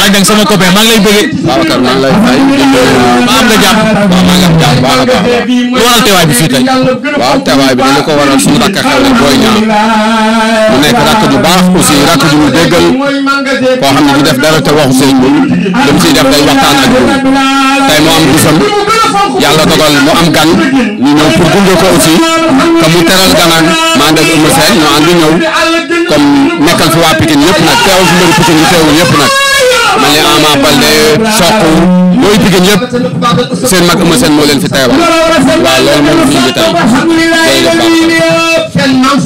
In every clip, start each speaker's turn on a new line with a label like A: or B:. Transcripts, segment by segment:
A: laaj nag sama copain maa ngi lay bëggee. Babacar maa ngi lay fay. maa am nga jàmm. waaw maa ngi am jàmm lu bi fii tey. waaw teewaay bi dama ko waral suñu rakk xew la Boy Niang. nekk rakk ju baax aussi rakk ju mu déggal koo xam ne du def dara te waxu sëñ bi lu mu ciy def day waxtaan ak ñoom tey moo am bisam. yàlla dogal mu am gan ñu ñëw pour gunge ko aussi que mu teral ganaan maa ngi leen di ñu ànd ñëw comme nekkal fi waa Pikine yëpp nag teewal fi mbëri Pikine yi teewul yëpp nag. man leen Ama Baldé soq mooy Pikine yëpp seen mag Eumeu Sène moo leen fi teewal waaw loolu moom fi ñu tey day la baax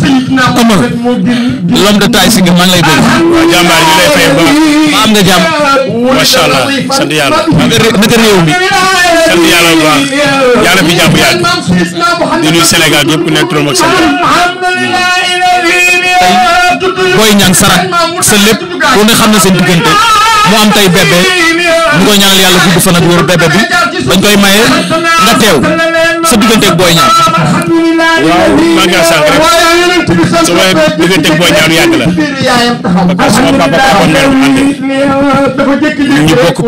A: Eumeu l'homme de taille si nga man lay bëgg waaw jàmbaar ñu lay fay baax ma am nga jàmm macha allah sant yàlla naka réew mi sant yàlla bu baax yàlla fi jàpp yàgg di nuyu Sénégal yëpp ku nekk turam ak sant tey Boy Niang Sarak sa lépp ku ne xam na seen mu am tay bébé ñu koy ñaanal yàlla gudd fan ak wér bébé bi dañ koy maye nga teew sa digganteeg booy maa ngi sànq rek sama digganteeg booy ñaar yàgg la parce que sama papa papa mère bu ànd ñu bokk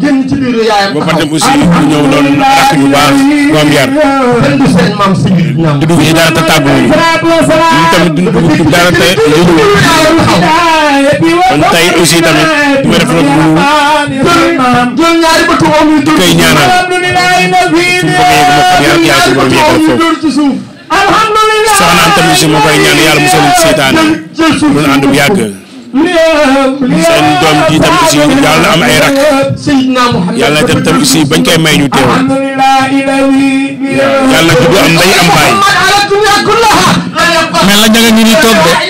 A: Pikine ba fa dem aussi ñëw noonu ak ñu baax ñu am yar te du fi dara te tàgguwuñu ñu tamit duñ dugg dara te kon tey aussi tamit bu def rek bu ñaari bëtu om yu dul kay ñaanal suñu borom yeggal foofu soxna am tamit si ma koy ñaan yàlla musal seytaane mun ànd bu yàgg seen doom ji tam aussi yàlla na am ay rak yàlla na dem tam aussi bañ koy may ñu teew yàlla na du am ndey am baay mel na ña nga ñu ni toog de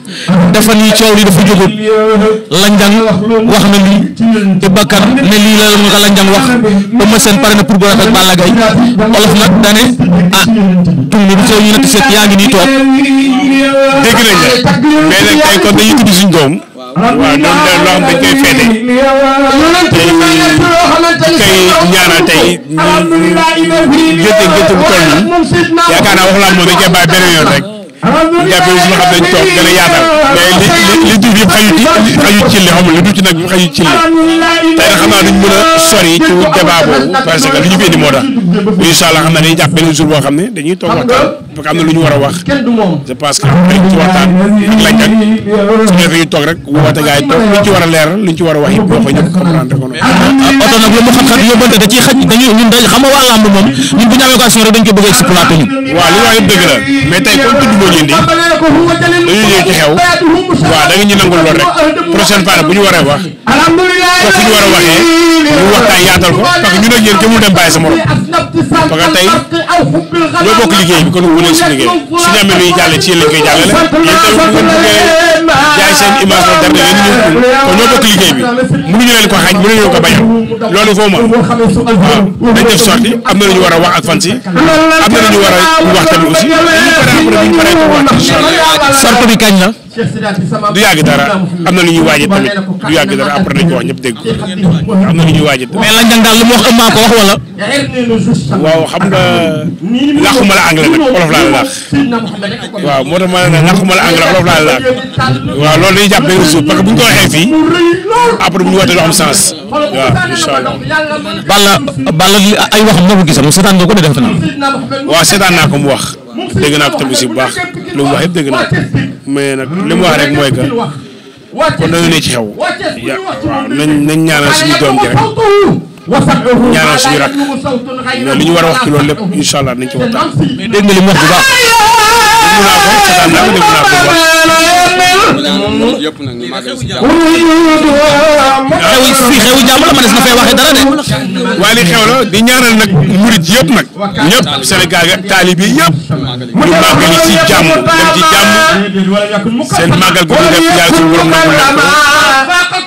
A: dafa nii coow li dafa jógut lanjang wax na lii te Bakar ne lii la ñu ko lanjang wax ba ma seen pare na pour boole ak Balla Gaye olof nag dane ah tundu bi coow ñu nekk seet yaa ngi nii toog dégg nañ la mais koy féete tey ñaanal tey ñu gëte bu toll nii yaakaar naa waxulaan moom dañ koy beneen rek. njàppee suñu xam dañ toog gën a yaatal mais li li duuf yëpp xaju ci xaju ci li xamul li duuf ci nag bi xaju ci li tey nag xam naa duñ mën a sori ci débat boobu parce que li ñu fi indi moo tax incha allah xam naa dañuy jàpp benn jour boo xam ne dañuy toog waxtaan parce que am na lu ñu war a wax je pense que rek ci waxtaan ak lañ ak su ñu defee toog rek woote gars yi toog luñ ci war a leeral luñ ci war a wax yëpp boo ko ñëpp comprendre ko noonu ah, oto nag lu mu xam-xam yóbbante da ciy xaj dañuy ñun dañ xam nga waa làmb moom ñun bu ñu amee occasion rek dañ ko bëgg exploiter ñun waaw li wax yëpp dëgg la mais tey comme tudd ñu indi dañuy ñëw ci xew waaw da nga ñu nangul lool rek prochaine fois bu ñu waree wax te fu ñu war a waxee ñu waxtaan yaatal ko parce que ñun ak yéen kenn mënu dem bàyyi sa morom parce que tey ñoo bokk liggéey bi kon mu nekk suñu liggéey suñu amee luy jàll ci yéen lañ koy jàllale yéen tey bu ngeen bëggee jaay seen image la dara yéen ñëw kon ñoo bokk liggéey bi mënuñu leen ko xañ mënuñu ko bañal loolu foo ma waaw dañ def sorti am na ñu war a wax ak fan ñu war a sart bi kañ la. du yàgg dara am na lu ñuy waajee tamit du yàgg dara après dañ na lu ñuy waajee tamit. mais lañ daal lu mu wax ëmmaa ko wax wala. waaw xam nga làquma la anglais nag olof laa la laax waaw moo tax ma ne làquma la anglais olof laa la laax waaw loolu dañuy jàpp benn suuf parce que bu ñu ko waxee fii après bu ñu wootee loo xam sens waaw incha allah. Balla Balla ay wax nga ko gisal seetaan nga ko de def waaw seetaan naa ko mu wax. dégg naa ko tamit bu baax lu mu wax yëpp dégg naa ko li mu wax rek mooy que kon dañu ne ci xew ya waaw nañ nañ ñaanal suñu doom ji rek ñaanal suñu rakk mais li ñu war a wax ci loolu lépp incha allah nañ ci waxtaan. dégg li mu wax bu baax. dégg naa ko seetaan naa ko dégg naa ko bu xew fii xewu jàmm la ma des na fay waxee dara de. waaye li la di ñaanal nag murit yëpp nag ñëpp Sénégal ga taalibe yëpp ñu màggali ci jàmm dem ci jàmm seen màggal gu ñu def yàlla suñu borom nangu leen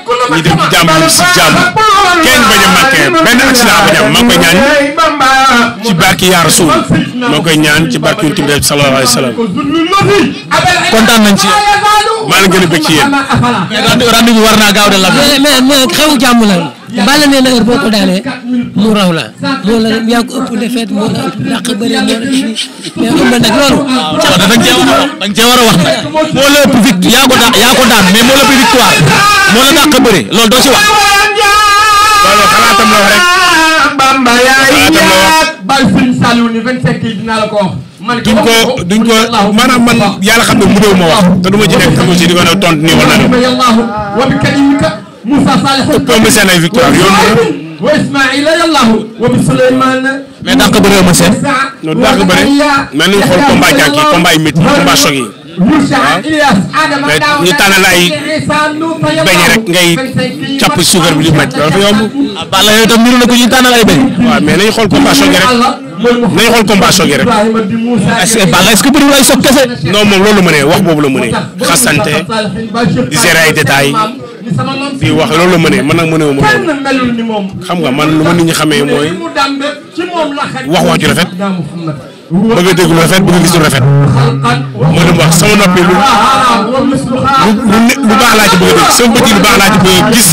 A: ko ñu dem ci jàmm si jàmm kenn bañ a manqué benn accident bañ a manqué ñaan ci barki yaa Rasuul moo koy ñaan ci barki Yonent bi sallallahu alayhi wa sallam kontaan nañ ci maa ngi gën a bëgg ci yéen. rendez-vous war naa gaaw de la. mais mais xew jàmm la. Balla nee na heure boo ko a wax da nga a la ëpp yaa ko daan yaa ko daan mais moo la ëpp victoire moo la dàq bëri loolu doo ci wax. bàyyi Serigne Saliou ni 25 la ko wax. man duñ ko duñ man yàlla xam ne mënoo ma wax te du ma ci nekk xam aussi di ma ne tontu nii wala nii. wa bi kalimika Moussa Salih. ëppoon na seen ay victoire yoon wa Ismaïla yallahu wa bi Souleymane. mais dàq bëre ma seen. non dàq bëre mais nañu xool combat jàkki combat yi métti combat choc yi. ñu tànnal ay beñ rek ngay capp suukar bi di maj loolu dafa yomb. Balla yooyu tam niru na ko ñu tànnal beñ. waaw mais nañu xool combat a gi rek nañu xool combat a gi rek. est-ce que Balla est-ce que moom loolu mënee wax boobu la mënee xasante di gérer ay détails wax loolu la mënee man nag mënee wu ma loolu xam nga man lu ma nit ñi xamee mooy wax wax ju rafet. bëgg a dégg lu rafet bëgg a gis lu rafet moo dem wax sama noppi lu lu baax laa ci a dégg sama bët yi baax laa ci a gis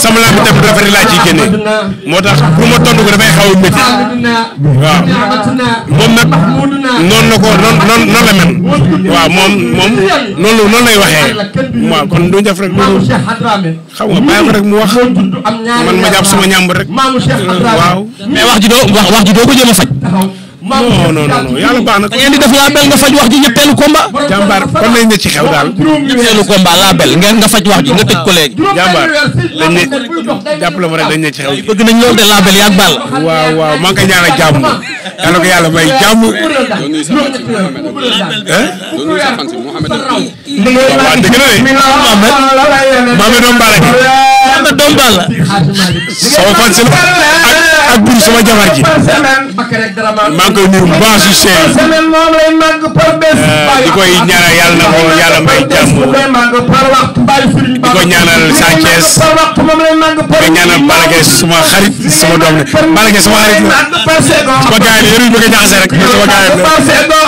A: sama laa bi tamit rafet laa ciy génnee moo tax pour ma tontu ko dafay xaw a métti waaw moom nag noonu la ko noonu noonu waxee waaw kon duñ def rek loolu xam nga bàyyi rek mu wax man ma jàpp sama ñàmb rek waaw. mais wax ji doo wax wax doo ko jéem a faj. non non non yàlla baax na. da ngeen di def laabel nga faj wax ji ñetteelu combat. jàmbaar kon lañ ne ci xew daal. ñetteelu combat laabel ngeen nga faj wax ji nga tëj ko léegi. jàmbaar dañ ne jàppale ma rek dañ ne ci xew ji. bëgg nañ loolu de laabel yàgg baal. ko yàlla
B: may jàmm. waaw
A: dëgg la de. Mohamed. Mohamed Dombala. Mohamed Dombala. sama fan si la. ak buri sama jabar ji maa ngi koy nuyu bu baax si seen di koy ñaanal yàlla na ko yàlla may jàmm di ko ñaanal Sa Thiès di ñaanal Balla suma xarit sama doom ne Balla sama xarit la su ma gars yi yëpp ñu ko jaxase rek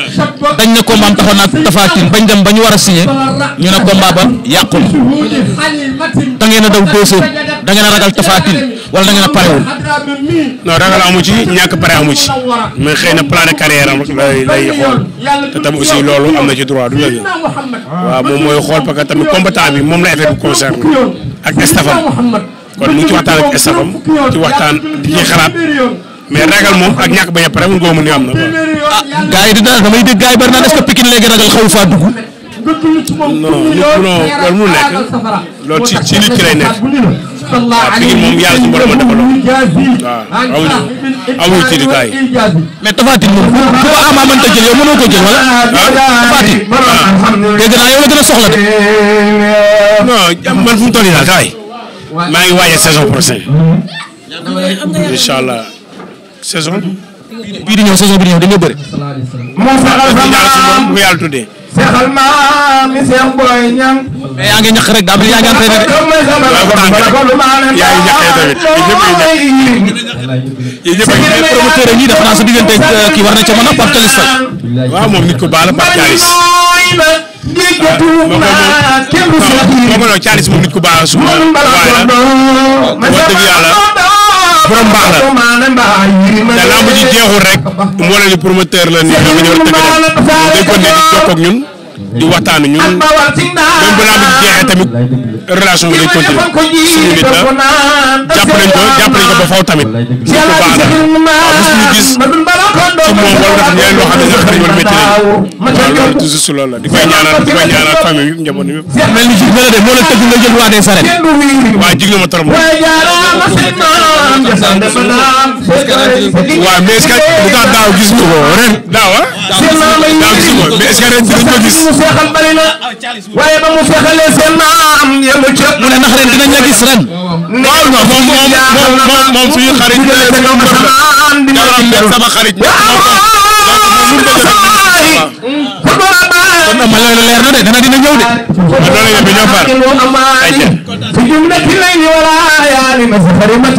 A: dañ ne combat am taxoon ak Tapha Tine bañ dem ba ñu war a signé ñu ne combat ba yàqul da ngeen a daw deux heures da ngeen a ragal Tapha Tine wala da ngeen a parewul. non ragal amu ci ñàkk pare amu ci mais xëy na plan de carrière am lay lay xool te tam aussi loolu am na ci droit du léegi waaw moom mooy xool parce que tamit combattant bi moom la affaire bi concerne ak stafam kon mu ngi ci waxtaan ak stafam ci waxtaan di ci xalaat. mais ragal moom ak ñàkk bañ a pare mun koo mën am na. ah gars yi dina damay dégg gars yi bari naan est-ce que Pikine léegi ragal xaw faa dugg. non non mu nekk loolu ci ci nit ki lay nekk waaw ah, Pikine moom yàlla ci borom a defaloo waaw amuñu amuñu ci dikaay mais Tapha Tine moom ku ko Ama mënta jël yow mënoo wala. Tapha Tine dégg naa la gën a soxla de. non man fu mu toll nii maa ngi waaj saison prochaine incha saison bi. bii di ñëw saison bi di ñëw dañoo bëri. moom saxal ma maam bu yàlla tuddee. saxal maam mi seen booy ñam. mais yaa ngi ñaq rek daa mel yaa ngi entraîné de. yaa ngi ñaqee tamit yéen ñëpp yéen ñëpp promoteur yi ñii def naa sa diggante euh, kii war na ca mën a Pape Thialis Faye. waaw moom nit ku baax la Pape Thialis. moom moom Thialis moom nit ku baax la su ma waay la wax dëgg yàlla borom baax la. te lamb ji jeexul rek moo leen promoteur la nii ñoo ngi ñëw tëgg rek dañ ko nekk jokkoog ñun. di waxtaan ñun même bu laa bëgg jeexee tamit relation bi day continuer suñu nit la jàpp nañ ko jàpp nañ ko ba faw tamit bu ko baax la waaw suñu gis ci moom wala dafa ñeneen loo xam ne sax dañu war a métti leen loolu toujours su loolu la di koy ñaanal di koy ñaanal famille yëpp njaboot yëpp. mel ni jig na la de moo la tëgg nga jël waa des saret. waaw jig na ma trop. waaw mais est-ce que lu tax daaw gis nga ko ren daaw ah daaw gis nga ko mais est-ce que ren dinañ ko gis. mu feexal bari na waaye ba mu feexalee seen maam yemu ca mu ne ndax ren dinañ la gis ren waaw non moom moom moom moom suñu xarit la dañu ko def sama xarit kon ma loolu leer na de dana dina ñëw de loolu yëpp ñoo far ay jëm